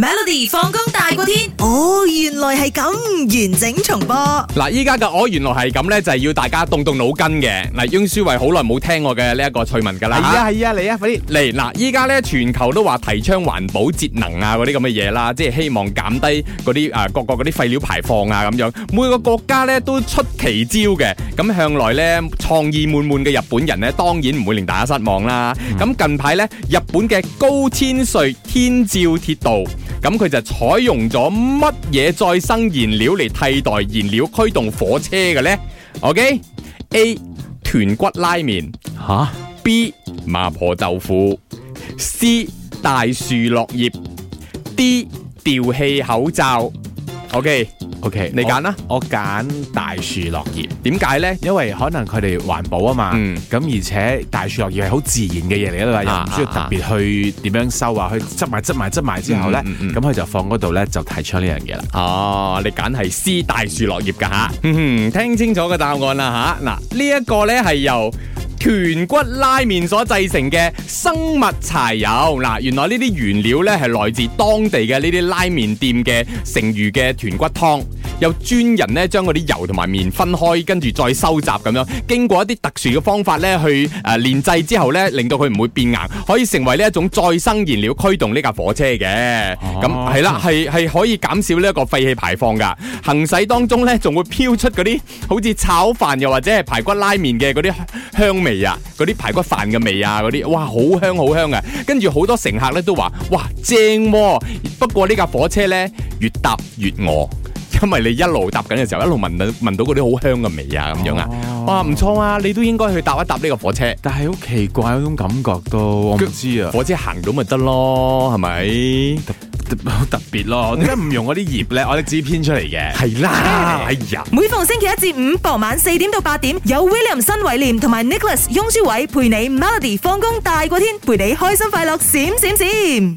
Melody 放工大過天，哦，原來係咁完整重播。嗱，依家嘅我原來係咁呢就係、是、要大家動動腦筋嘅。嗱 Uncle 書偉好耐冇聽我嘅呢一個趣聞噶啦。係啊，係啊，嚟啊，快啲嚟。嗱，依家呢，全球都話提倡環保節能啊，嗰啲咁嘅嘢啦，即係希望減低嗰啲啊各國嗰啲廢料排放啊咁樣。每個國家呢都出奇招嘅，咁向來呢，創意滿滿嘅日本人呢，當然唔會令大家失望啦。咁、嗯、近排呢，日本嘅高千穗天照鐵道。咁佢就採用咗乜嘢再生燃料嚟，替代燃料驅動火車嘅呢？OK，A 豚骨拉麵吓，B 麻婆豆腐，C 大樹落葉，D 吊氣口罩。OK。O、okay, K，你揀啦，我揀大樹落葉。點解呢？因為可能佢哋環保啊嘛。嗯，咁而且大樹落葉係好自然嘅嘢嚟啦，又唔需要特別去點樣收啊，去執埋執埋執埋之後呢，咁、嗯、佢、嗯嗯、就放嗰度呢，就提出呢樣嘢啦。哦，你揀係 C 大樹落葉噶吓，聽清楚個答案啦吓。嗱、啊，呢、這、一個呢係由豚骨拉麵所製成嘅生物柴油。嗱、啊，原來呢啲原料呢，係來自當地嘅呢啲拉麵店嘅剩餘嘅豚骨湯。有專人咧將嗰啲油同埋麵分開，跟住再收集咁樣，經過一啲特殊嘅方法咧去誒煉製之後咧，令到佢唔會變硬，可以成為呢一種再生燃料驅動呢架火車嘅。咁係啦，係係可以減少呢一個廢氣排放噶行駛當中咧，仲會飄出嗰啲好似炒飯又或者係排骨拉麵嘅嗰啲香味啊，嗰啲排骨飯嘅味啊，嗰啲哇好香好香啊。跟住好多乘客咧都話哇正啊，不過呢架火車咧越搭越餓。因為你一路搭緊嘅時候，一路聞到聞到嗰啲好香嘅味、哦、啊，咁樣啊，哇，唔錯啊！你都應該去搭一搭呢個火車。但係好奇怪，嗰種感覺都我唔知啊。火車行到咪得咯，係咪好特別咯？點解唔用嗰啲葉咧？我哋自己編出嚟嘅。係 啦，哎呀！每逢星期一至五傍晚四點到八點，有 William 新偉廉同埋 Nicholas 雍書偉陪你 Melody 放工大過天，陪你開心快樂閃閃閃。閃閃閃閃